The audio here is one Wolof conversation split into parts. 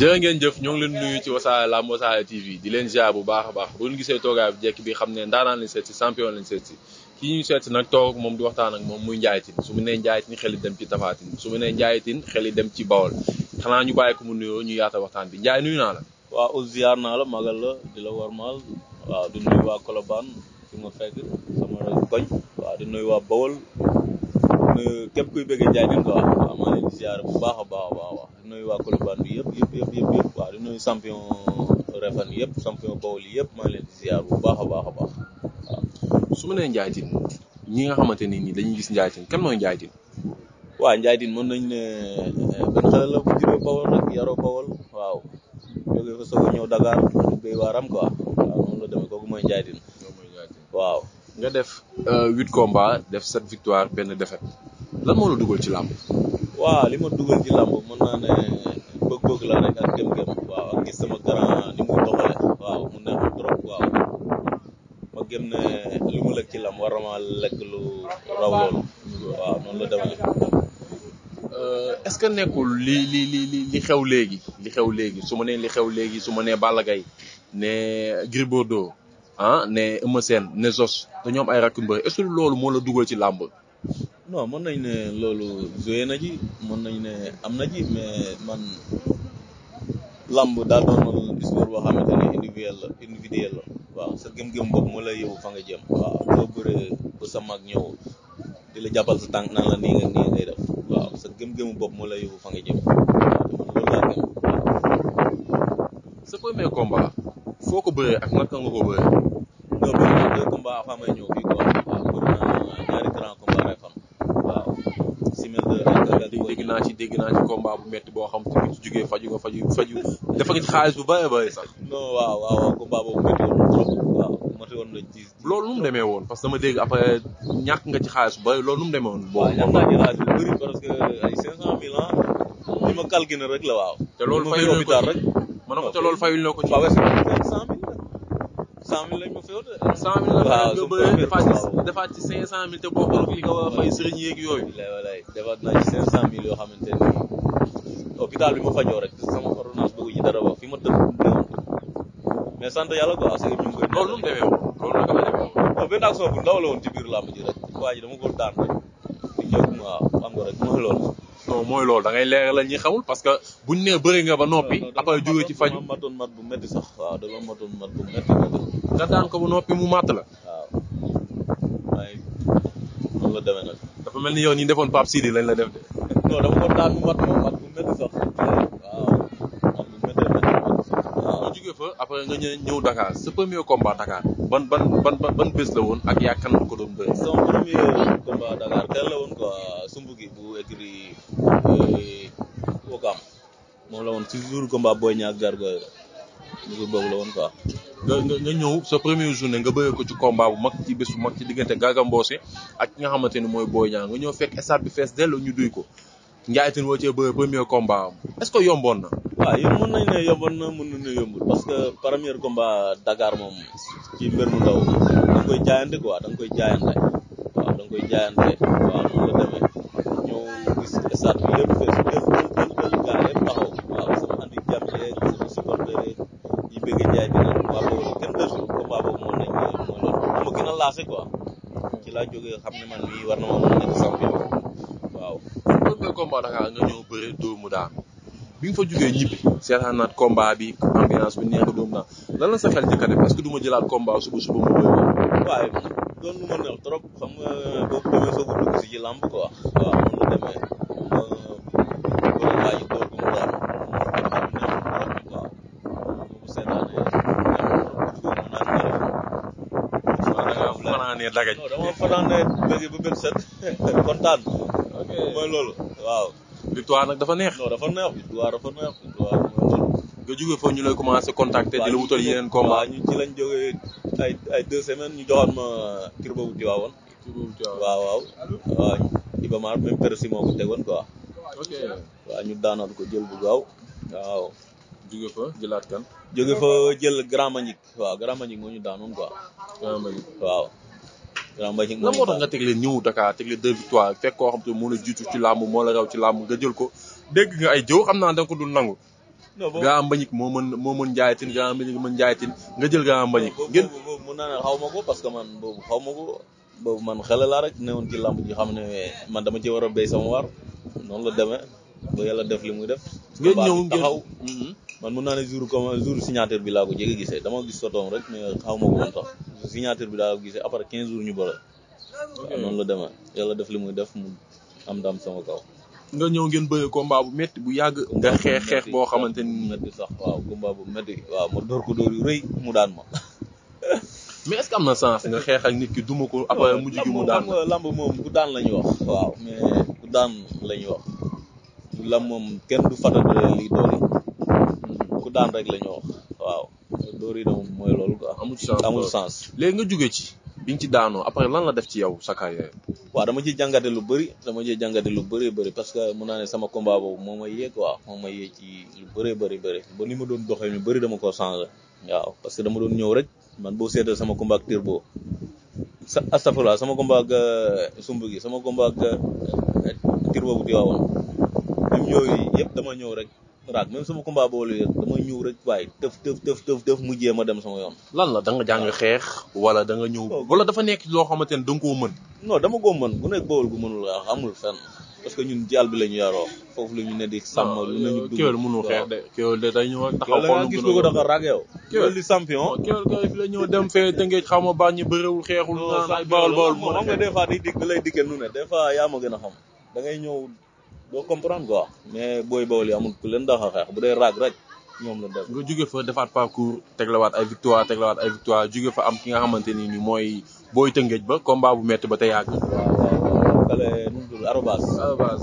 jërë ngeen jëf ñoo ngi leen nuyu ci wasaare lamb wasaare TV di leen ziar bu baax a baax bu ñu gisee toogaay bu jekk bi xam ne ndaanaan lañ seet si champion lañ seet si kii ñuy seet si nag toog moom di waxtaan ak moom muy Ndiaye Tine su mu nee Ndiaye Tine xel yi dem ci Tapha Tine su mu nee Ndiaye Tine xel yi dem ci Bawol xanaa ñu bàyyi ko mu nuyoo ñu yaata waxtaan bi Ndiaye nuyu naa la waaw us ziar naa la magal la di la warmaal waaw di nuyu waa Colobane fi ma fekk sama koñ waaw di nuyu waa Bawol képp kuy bëgg Ndiaye Tine quoi nooy waa Colobane bi yëpp yëpp yëpp yëpp yëpp waaw champion Refane yëpp champion Bawol yëpp maa ngi leen di ziar bu baax a baax a baax su ma nee Ndiaye Tine ñi nga xamante ne nii dañuy gis Ndiaye Tine kan mooy Ndiaye Tine. waaw Ndiaye Tine ne eh, benn xale la waaw ñëw Dakar mu béy waaram quoi mooy Ndiaye Tine. waaw. nga def euh, huit combats def sept victoire benn défaite lan moo la dugal ci làmp waaw li ma dugal ci làmb mën naa ne bëgg-bëgg la rek ak gëm-gëm waaw ak gis sama grand ni mu doxale waaw mu neex trop waaw ma gëm ne li mu lekk ci làmb war na lekk lu raw loolu waaw noonu la demee. Euh, est-ce que nekkul li li li li xew léegi li xew léegi su ma nee li xew léegi su ma nee Balla ne Gris Bordeaux ah ne Eumeu Sène ne Zos dañoo ay rakk mbër est loolu moo la dugal ci làmb. non mën nañ ne loolu joué na ji mën nañ ne am na ji mais man lamb daa doon sport boo xamante ne individuel la individuel la waaw sa gëm-gëm bopp moo lay yóbbu fa nga jëm waaw boo sa mag ñëw di la jàppal sa tànk naan la nga nii ngay fa nga jëm waaw nga ko bëree non bëree may ñëw fii quoi waaw dégg naa ci combat bu metti boo xam te ni ci jógee faju nga faju faju dafa ngi xaalis bu bëree bëri sax. non waaw waaw waaw combat metti woon trop ci. loolu mu demee woon parce que dama dégg après ñàkk nga ci xaalis bu bëri loolu mu demee woon. waaw ñàkk naa ci xaalis bu bëri parce ah, ma calculé rek la waaw. te loolu fayul ko ci rek. ma ne ko te loolu fayul ko ci. cent mille lañ ma féewte. cent mille la nga defaat ci cinq cent mille te bokkul ak li nga war a fay sëriñ yeeg yooyu. léeg-léeg defaat naa ci cinq cent mille yoo xamante ne bi ma fajoo rek sama ordonnance boobu ji dara wax fi ma tëdd sant yàlla quoi parce que ñu bu ndaw la woon ci biir làmb ji rek waa ji dama ko daan rek nga rek mooy loolu. non mooy loolu da ngay leeralal ñi xamul parce que buñ ne bëri nga ba noppi. après jóge ci faju matoon mat bu métti sax waaw dama matoon mat bu métti nga daan ko ba noppi mu màtt la. waaw waaye la demee nag. dafa mel ni yoon ñi defoon Pape Sidi lañ la def de. non dama ko daan mu mat moom mat bu métti sax. premier combat Dakar. ban ban ban ban la woon ak yaa kan la ko doon bëri. sama premier combat Dakar teel la woon quoi sumb gi bu écri Wokam euh, moom la woon toujours combat booy ñaag gargoyle la ñu la woon quoi. nga nga ñëw sa première journée nga bëree ko ci combat bu mag ci bés bu mag ci diggante Garga Mbossé ak ki nga xamante ni mooy Boy Niang nga ñëw fekk stade bi fees delloo ñu duy ko Ndiaye Tine woo cee bëree premier combat am que yomboon na. waaw yow mën nañ ne yomboon na que premier combat Dakar moom ci mbir mu ndaw da nga koy jaayante quoi da nga koy jaayante waaw da koy jaayante waaw noonu la demee ñëw gis stade bi lépp fees laa jógee xam ne man mii war na ma mën a nekk champion waaw. premier combat Dakar nga ñëw bëre doomu daan bi nga fa jógee ñibbi seetaan naat bi ambiance bi neex doomu daan lan sa xel njëkk a def que duma jëlaat komba suba suba mu bëri waaye doon lu ma neex trop xam nga boobu demee soo ko dugg si ci làmb quoi waaw mun na demee. ngi dagañ. non dama fanaan ne ba benn set kontaan. loolu waaw. victoire nag dafa dafa neex victoire dafa neex victoire mooy loolu. nga jógee commencé contacter. di la wutal yeneen combat ñu ci lañ ay ay ñu joxoon ma turbo wu Tiwaawoon. turbo wu Tiwaawoon waaw waaw. waaw ko tegoon ñu daanoon ko jël bu gaaw waaw. jóge fa jëlaat kan. jóge fa jël Grand Manick. waaw Grand Manick moo ñu daanoon quoi. waaw. la moo tax nga teg leen ñëw Dakar teg leen deux victoires fekk koo xam te moo la jiitu ci làmb moo la raw ci làmb nga jël ko dégg nga ay jëw xam naa da nga ko dul nangu Grand Mbagnick moo mën moo mën njaayatin Grand Mbagnick mën njaayatin nga jël Grand Mbagnick ngeen boobu mën naa ne xaw ma ko parce que man boobu xaw ma ko boobu man xale laa rek newoon ci làmb ji xam ne man dama ci war a béy sama waar noonu la demee ba yàlla def li mu def ngeen ñëw ngeen man mun naa ne jour comme jour signature bi laa ko jege gisee dama gis sotoom rek mais xaw ma ko woon sax signature bi laa ko gisee après 15 jours ñu boole. waaw noonu la demee yàlla def li muy def mu am ndam sama kaw. nga ñëw ngeen bëre combat bu métti bu yàgg. nga xeex xeex boo xamante ni métti sax waaw kumba bu métti waaw ma door ko dóor yu rëy mu daan ma. mais est am na sens nga xeex ak nit ki duma ko après mujj mu daan ma lamb moom ku daan la ñuy wax. waaw mais ku daan la ñuy wax lamb moom kenn du fàttali li doole. daan rek la waaw dóor yi moom mooy loolu quoi. amul sens amul sens. léegi nga jóge ci bi nga ci daanoo après lan la def ci yow sa carrière. waaw dama ciy jàngate lu bari dama ciy jàngate lu bëri bari parce que mun naa ne sama combat boobu moo ma yee quoi moo ma yee ci lu bëri ba ni ma doon doxee ñu bëri dama ko changé. waaw parce que dama doon ñëw rek man boo seetal sama combat ak Turbo sa astafurlah sama combat ak euh, gi sama combat ak euh, Turbo bu Tiwaawoon ñoom ñooyu yëpp dama ñëw rek. raak même sama combat boolu yëg dama ñëw rek waaye tëf tëf tëf tëf tëf mujjee ma dem sama yoon. lan la danga jàng xeex wala da nga ñëw. wala dafa nekk loo xamante ne da nga koo mën. non dama koo mën bu nekk bool gu mënul wax amul fenn parce ñun jaal bi ñu yaroo foofu la ñu ne di sàmm ah, lu nañu dugg xeex de kéwél day ñëw taxaw xool lu gis ko dafa raak yow kéwél di champion kéwél fi la ñëw dem fee tëngeej xaw ma bàññi bëréwul xeexul naan ay bawol bawol moo xam ne des fois day dig da lay dikkee nu ne des fois yaa ma gën a xam da ngay ñëw boo comprendre quoi mais booy bawol yi amul ku leen daxa xeex bu dee raag raj ñoom la def nga jóge fa defaat parcours teglawaat ay victoire teglawaat ay victoire jóge fa am ki nga xamante ni ni mooy booy tëngëj ba combat bu metti ba te yàgg waaw waaw kale nudul arobas arobas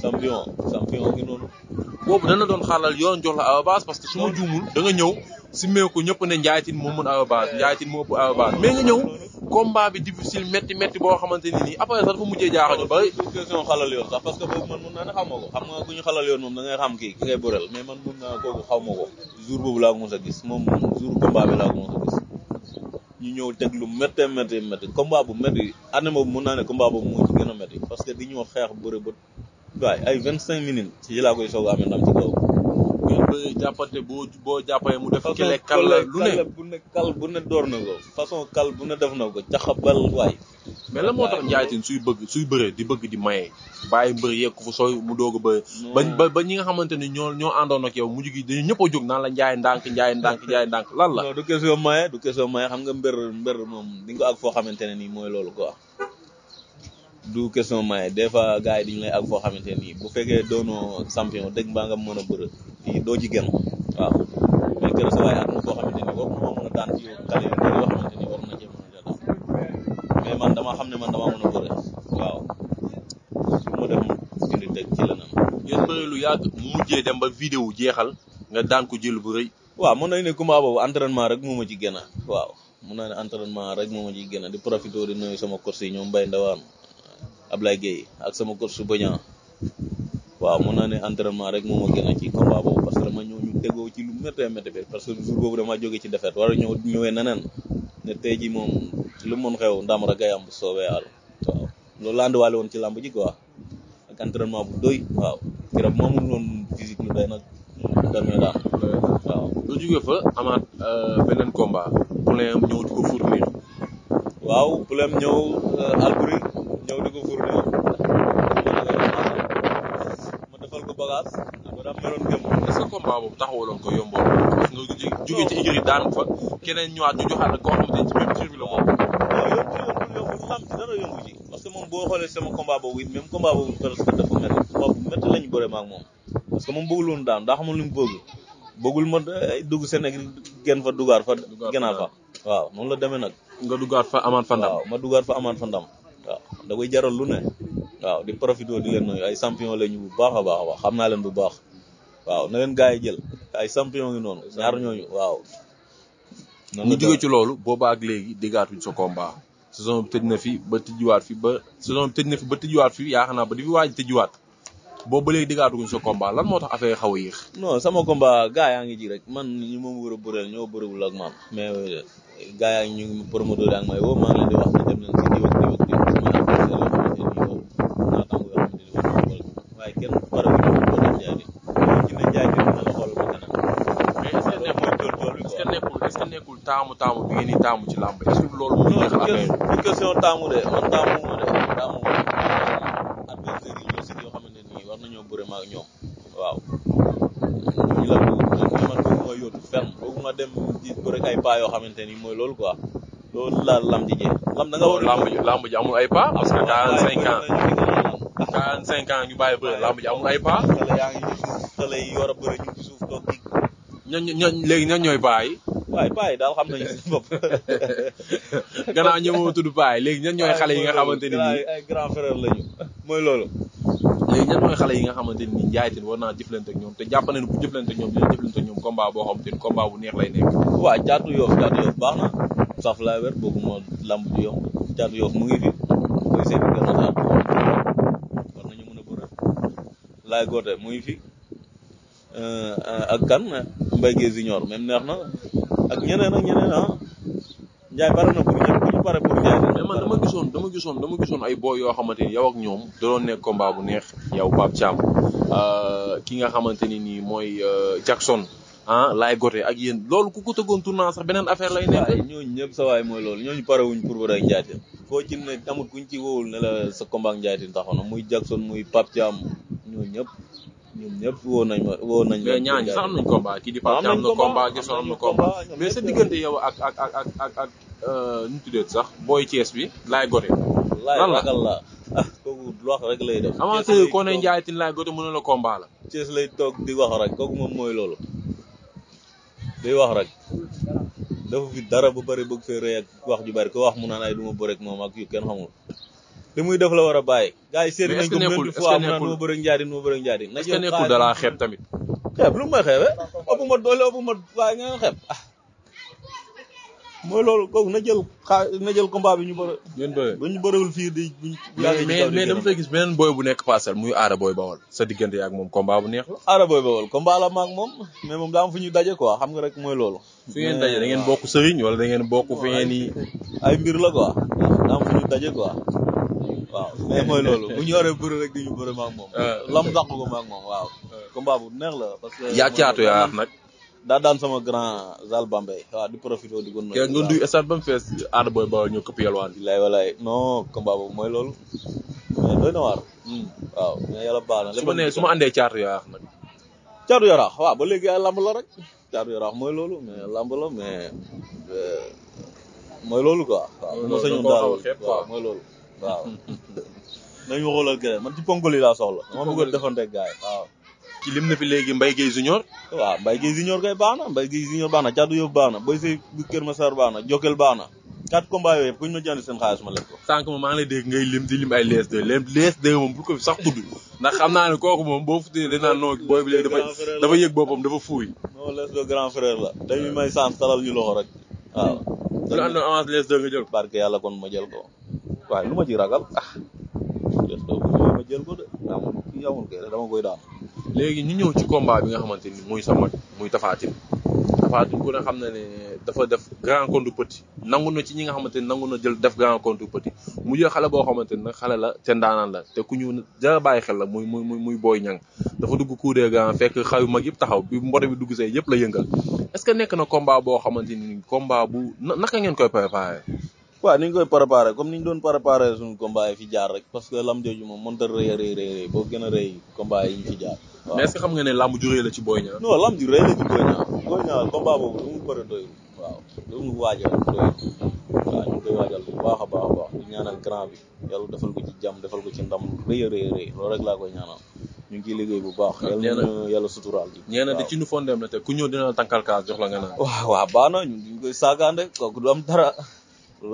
champion boobu dana doon xaalal yoon jox la arobas parce que su ma juumul da nga ñëw si mee ko ñëpp ne njaaytin moo mën arobas njaaytin moo ëpp arobas mais nga ñëw combat bi difficile métti métti boo xamante ni nii après sax dafa mujjee jaaxal ñu bari question xalal yoon sax parce que boobu man mun naa ne xaw ma ko xam nga ku ñu xalal yoon moom da xam kii ki ngay bëreel mais man mun naa kooku xaw ko jour boobu laa ko mos a gis moom jour combat bi laa ko mos a gis ñu ñëw teg lu métti métti métti combat bu métti année boobu mun naa ne combat boobu moo ci gën a métti parce di ñoo xeex bëre ba waaye ay vingt cinq minutes ci laa a boo bëggee boo boo jàppee mu def. kal la lu ne bu ne kal bu ne door na ko façon kal bu ne def na ko caxabal waay. mais la moo tax Ndiaye Tine suy bëgg suy bëree di bëgg di maye bàyyi mbër yeek fu sooy mu doog a bëri. ba ba ñi nga xamante ni ñoo ñoo àndoon ak yow mujj gi dañu ñëpp a jóg la Ndiaye ndànk Ndiaye ndànk Ndiaye ndànk lan la. non du question maye du question xam nga mbër mbër moom di nga ak foo xamante ne nii mooy loolu quoi. du question maye des fois gars yi dañu lay ak foo xamante nii bu fekkee doonoo champion dëgg mbaa nga mën a bërë i doo ci genn gën a a daan xam ne waaw ma dem indi dëgg ci la nam ngeen bëri lu mu mujjee dem ba vidéo jeexal nga daan ko jël bu rëy waaw mën nañ ne combat boobu entraînement rek moo ma ci gën a waaw mën naa ne entraînement rek moo ma ci gën a di profité di nuyu sama course yi ñoom mbay ndawaan Ablaye Gueye ak sama coach su Boña waaw mën naa ne entraînement rek moo ma gën a ci combat boobu parce que dama ñëw ñu déggoo parce que jour boobu damaa jóge ci défaite war a ñëwee neneen ne tey ji moom lu mu mën xew ndam rek ay am bu soobee yàlla waaw loolu laa andiwaale woon ci làmb ji quoi ak entraînement bu doy waaw keroog moo amul woon lu day nag damay waaw. lu jógee fa amaat euh, beneen combat problème ñëw ñëw euh, Albury. ñëw di ko fournir ma defal ko bagage meloon gëm. est nga jógee ci écurie daan keneen ñëwaat ñu joxaat la koo xamante ne ci même tur bi la moom. waaw yow ci parce que moom boo xoolee sama combat boobu it même combat boobu presque dafa métti combat bu moom parce que moom bëggul daan daa xamul lu mu bëgg bëggul ma eh, dugg seen écurie gën fa dugaat fa. dugaat fa waaw noonu la demee nag. nga dugaat fa amaan fa ma dugaat fa amaat fa ndam waaw da koy jaral lu ne waaw di profité di leen nuyu ay champion la ñu bu baax a baax a baax xam naa leen bu baax waaw na leen gaa yi jël ay sampion ngi noonu ñaar ñooñu waaw ñu jóge ci loolu booba ak léegi déggaatuñ sa combat saison bi tëj na fi ba tëjuwaat fi ba saison bi tëj na fi ba tëjuwaat fi yaa naa ba di fi waaj tëjuwaat boobu ba léegi déggaatuñ sa combat lan moo tax affaire xaw a yéex non sama combat gars yaa ngi ji rek man ñu moom war a bëreel ñoo bëriwul ak mais gars yaa ngi ñu ngi taamu ci làmb est-ce que loolu moo neex affaire bi question taamu de man taamu ma de taamu ma adversaire yi ñoo si yoo xamante nii war nañoo bëre ma ak ñoom waaw ñu la man boobu ma yóotu fenn boobu ma dem di bëre ay pas yoo xamante nii mooy loolu quoi loolu la lamb ji lam da nga war lamb ji lamb ji amul ay pas parce que ah, quarante cinq ans quarante cinq ans ñu bàyyi bëre lamb ji amul ay pas xale yaa ngi ci suuf xale yi war a bëre ñu ci suuf toog ñooñ ñooñ léegi ñooñ ñooy bàyyi paay paay daal xam nañu seen bopp. gannaaw ñëwoo tudd paay léegi ñan ñooy xale yi nga xamante ni nii ay grand frère mooy loolu. léegi ñan mooy xale yi nga xamante ni Ndiaye Tine war naa jëflante ak ñoom te jàpp na bu jëflante ak ñoom dina jëflante ak ñoom combat boo xam te bu neex lay nekk. waaw jaatu yoof jaatu yoof baax na saaf laa wér boobu moo lamb ju yomb jaatu yoof mu ngi fi koy seet gën a saat war nañu mën a bëre laay goote mu ngi fi euh, ak kan Mbaye Guèye Junior même neex na ak ñeneen ak ñeneen ah Ndiaye bare na pour ñu pare pour Ndiaye. mais man dama gisoon dama gisoon ay boo yoo xamante ni yow ak ñoom da doon nekk combat bu neex. yow Pape Thiam euh, nga xamante ni nii mooy euh, Jackson. ah laay gote ak yéen loolu ku ko tëggoon tournant sax beneen affaire lay nekk. waaye ñooñu ñëpp sa waay mooy loolu ñooñu pare wuñ pour bëre ak Ndiaye koo ci ne amul ci wowul ne la sa combat ak Ndiaye taxaw na muy Jackson muy Pape Thiam ñooñu ñëpp. ñun ñëpp woo nañ ma woo nañ mais ñaañu sax am nañ combat kii di Pape am na combat gi am na mais sa diggante yow ak ak ak ak ak ak euh, nu sax booy Thiès bi laay gote lan la la ah kooku wax rek lay def avancé ko ne Ndiaye Tine laay gote mën a la combat la Thiès lay toog di wax rek kooku moom mooy loolu day wax rek dafa fi dara bu bëri bëgg fee rëy ak wax ju bari ko wax mu naan ay du ma moom ak yu kenn xamul li muy def la war a bàyyi. gars yi seet nañ ko mille fois mu naan noo bëri njaari noo bëri njaari. na jël nekkul da laa tamit. xeeb lu mu may xeebee. ëpp doole ëpp ma waaye nga xeeb ah. mooy loolu kooku na jël xaa na jël combat bi ñu bëri. ngeen bëree bu ñu bëriwul fii di bu ñu. mais mais gis beneen booy bu nekk parcelle muy aara booy bawal. sa diggante ak moom combat bu neex la. aara booy bawal combat la maag moom mais moom daa am fu ñuy daje quoi xam nga rek mooy loolu. fi ngeen daje da bokk sëriñ wala da ngeen bokk fi ngeen i. ay la quoi daa am fu ñuy daje quoi. mais mooy loolu bu ñu waree bëri rek dañu bëri maag moom ah, lam dàq ko maag moom waaw ah. combat bu neex yaa caatu yaa nag daa daan sama grand Zal Bambey waaw di profité di gon nga duy stade ba mu fees aada booy doy na waar hmm, waaw mais yàlla baax na su ma nee su àndee caatu yaa nag caatu yaraax waaw ba léegi ay lamb la rek caatu yaraax mooy loolu mais lamb la mais euh, mooy loolu quoi waaw bu ma waaw nañ ma xoolal gërëm man ci ponkol yi laa soxla. dama bëgg a defanteeg gars yi waaw. ci lim na fi léegi Mbaye Guèye Junior. waaw Mbaye Guèye Junior kay baax na Mbaye Guèye Junior baax na Thiatou Yoff baax na Boy Seye bu Kër Massar baax na Jokal baax na. quatre combats yooyu yëpp ku ñu ma jënd seen xaalis ma lekk ko. sànq ma maa ngi lay ngay lim di lim ay les deux lim les deux moom bu ko fi sax tudd ndax xam naa ne kooku moom boo futee dañ naan non booy bi léegi dafa dafa yëg boppam dafa fuuy. non les deux grand frère la. dañuy may sans talal ñu rek. waaw. Hmm. lu àndoon avance les deux nga jël. yàlla kon ma jël ko. waaye lu ma ji ragal ah jot dama koy daan. léegi ñu ñëw ci combat bi nga xamante ni muy sama muy Tapha Tine Tapha ku ne xam na ne dafa def grand contre petit nangu na ci ñi nga xamante ni nangu na jël def grand contre mu jël xale boo xamante ni nag xale la te ndaanaan la te ku ñu jara bàyyi xel la muy muy muy Boy Niang dafa dugg coup de grand fekk xayu mag yëpp taxaw bi mbote bi dugg see yëpp la yëngal est-ce que nekk na combat boo xamante ni combat bu naka ngeen koy préparé waaw ni ñu koy préparé comme ni ñu doon préparé suñu combat yi fi jaar rek parce que lam jooju moom mënta rëy a rëy rëy boo xam nga ne la ci la ci Boy Niang Boy Niang combat boobu mu bëri doyul waaw lu mu waajal doyul waaw ñu a baax a baax di ñaanal grand ko ci jàmm defal ko ci ndam rëy a rëy rëy loolu rek laa koy ñaanal ñu ngi ciy bu baax. yàlla na yàlla suturaal ji. ñeena di ci nu fondeem la te ku ñëw dina la tànkal kaas jox la nga naan. waaw waaw baax ñu koy saagaande kooku du am dara.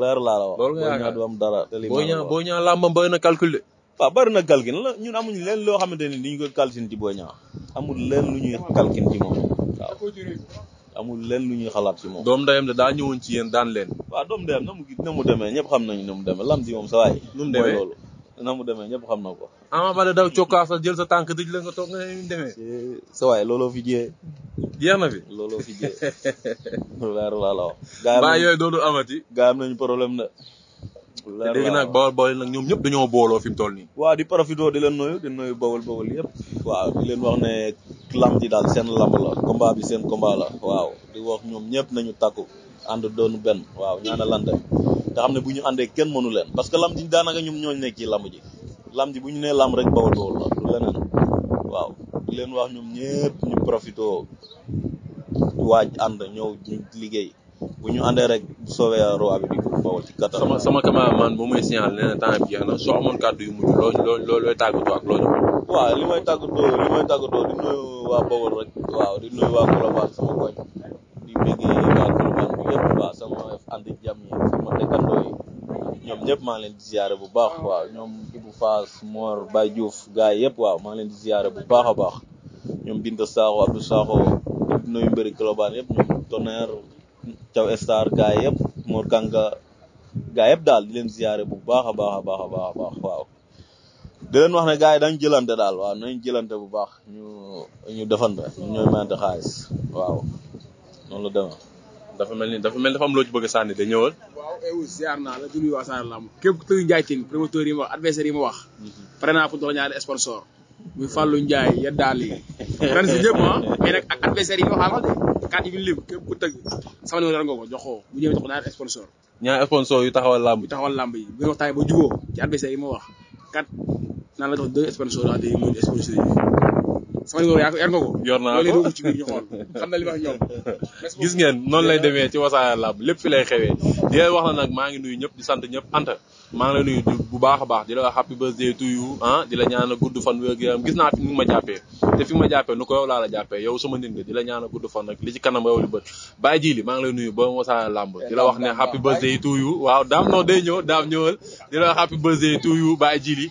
leer laa la wax. loolu nga yaakaar dara. te li boo ñaa boo ñaa làmbam bëri na calculé. waaw na calcul la ñun amuñu leen loo xamante ne dañu ko calcul ci boo ñaa amul leen lu ñuy calcul ci moom waaw. amul leen lu ñuy xalaat ci moom. doom ndeyam de daa ñëwoon ci yéen daan leen. waaw doom ndeyam na mu na mu demee ñëpp xam nañu na mu demee lam di moom sa waay. nu demee loolu na mu demee ñëpp xam na ko. Ama Baldé daw cokkaas la jël sa tànk dëj la nga toog nga ne ni mu demee. sa waay looloo fi jiyee. jeex na fi yooyu doodu amati. gaa am nañu problème na. leer léegi nag bawol bawol nag ñoom ñëpp dañoo booloo fi mu toll nii. di profité di leen nuyu di nuyu bawol bawol yëpp. leen wax ne lamb ji daal seen lamb la combat bi seen combat waaw di wax ñoom ñëpp nañu takku ànd doonu benn waaw ñaanalante. te xam ne bu ñu àndee kenn mënu leen parce que lamb ji daanaka ñoom ñoo nekk ci lamb ji. lam ji bu ñu nee lam rek bawol la du leneen waaw di leen wax ñoom ñëpp ñu profité waaj ànd ñëw ñu liggéey bu ñu àndee rek bu soobee roi bi di ko bawol ci kattan. sama sama cameraman bu muy signal nee na temps bi na soo amoon kàddu yu mujj loo loo looy tàggatoo ak loo ñu. li may tàggatoo li may tàggatoo di nuyu waa bawol rek waaw di nuyu waa Colobane sama koñ di bëggee waa sama ànd jàmm yi sama dëkkandoo yi. ñoom ñëpp maa leen di ziyaare bu baax waaw ñoom Ibou Faas Mor Baye Diouf gars yëpp waaw maa leen di ziyaare bu baax a baax ñoom Binta Sakho Abdou Sakho nuyu mbëri Colobane yëpp ñoom Tonnerre Thiaw Star gars yëpp Mor Kanga yëpp daal di leen ziyaare bu baax a baax a baax a baax a baax waaw di leen wax ne gars yi dañ jëlante daal waaw nañ jëlante bu baax ñu ñu defante ñooy mayante xaalis waaw noonu la demee dafa mel ni dafa mel dafa am loo ci bëgg a sànni da ñëwal. waaw ewu eh ziar naa la di nuyu waa Saare Lamb képp ku tëgg Ndiaye Tine promoteur yi ma wax adversaire yi ma wax. Mhm. pare naa pour dox ñaari sponsor muy Fallou Ndiaye ya daal yi ren si ñëpp ah mais nag ak adversaire yi ma waxaal de kàddu yi ñu lim képp ku tëgg sama numéro yor nga ko jox ko bu ñëwee jox ko ñaari sponsor ñaari sponsor yu taxawal lamb yi taxawal lamb yi bu ñu waxtaanee ba jubóo ci adversaire yi ma wax kat naan la jox deux sponsor daal di mën sponsor yi sama numéro yaa ko gis ngeen noonu lay demee ci Wassare Lamb lépp fi lay xewee di leen wax na nag maa ngi nuyu ñëpp di sant ñëpp Anta maa ngi la nuyu bu baax a baax di la wax happy birthday to you ah di la ñaanal gudd fan wér gis naa fi mu ma jàppee ma jàppee nu ko yow laa la yow sama nit nga la ñaanal gudd fan nag li ci kanam yow li bët maa ngi lay nuyu ba Wassare Lamb di la wax ne happy birthday to you waaw daam non day ñëw daam ñëwal di la wax ji li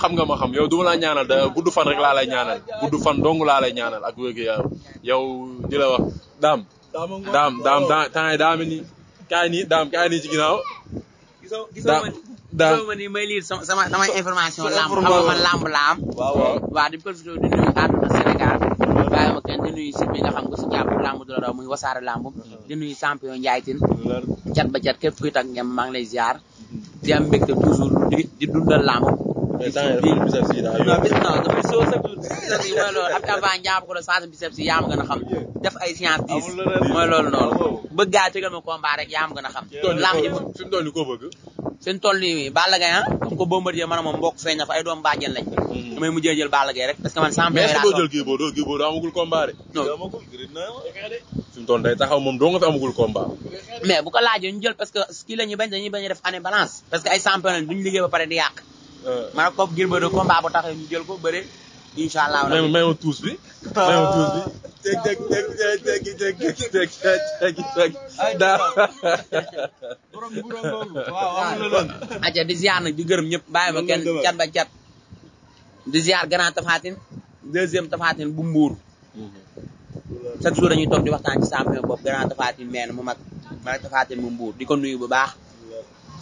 xam nga ma xam yow duma la ñaanal da gudd fan rek laa lay ñaanal gudd fan dong laa lay ñaanal ak wér daam. daam daam temps yi ni daam kaay nii ci daam daam ma ni may lire sama information. lamb xam nga man lamb laam. waaw waaw waaw di profité di nuyu Sénégal. bàyyi ma di nuyu si nga xam nga si lamb du la muy wasaare lamb. di nuyu champion Ndiaye Tine. cat ba cat képp kuy tag ngem maa ngi lay ziar. di am mbégte toujours di dundal lamb. non bis non dafay soo sëb biceps yi mooy loolu ab avant jàpp ko la sens biceps yi yaa gën a xam def ay science dix mooy loolu noonu bëggaa tegal ma combat rek yaa gën a xam lamb ji suñu yi ko bëgg suñu tool yi Balla Gaye ah comme ko Bombardier man a moom mbokk feeñ a fa ay doom bàjjen lañ mm-hmm. damay mujjee jël Balla Gaye rek parce que man sans mais doo moom doo nga fi amagul combat mais bu ko laajee ñu parce que kii la ñuy bañ dañuy def année balance parce que ay champion lañ duñu liggéey ba pare di yàq ma ne ko Gris Bordeaux combat bu taxee ñu jël ko bëre incha allah. may may ma tuus bi. may ma tuus bi. teg teg teg teg teg teg teg teg gërëm ñëpp bàyyi ma kenn cat ba cat. di ziar grand Tafatine bu Mbour. chaque jour añu toog di waxtaan ci saa bopp grand Tafatine meen mu mag ma Tafatine bu Mbour di ko nuyu bu baax.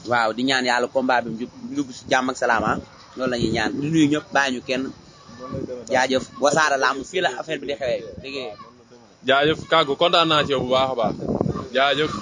waaw di ñaan yàlla combat bi mu jàmm ak salaam ah loolu la ñuy ñaan di nuyu ñëpp bàyyi ñu kenn jaajëf wasaara làmb fii la affaire bi di xewee liggéey jaajëf kàggu kontaan naa bu baax a baax jaajëf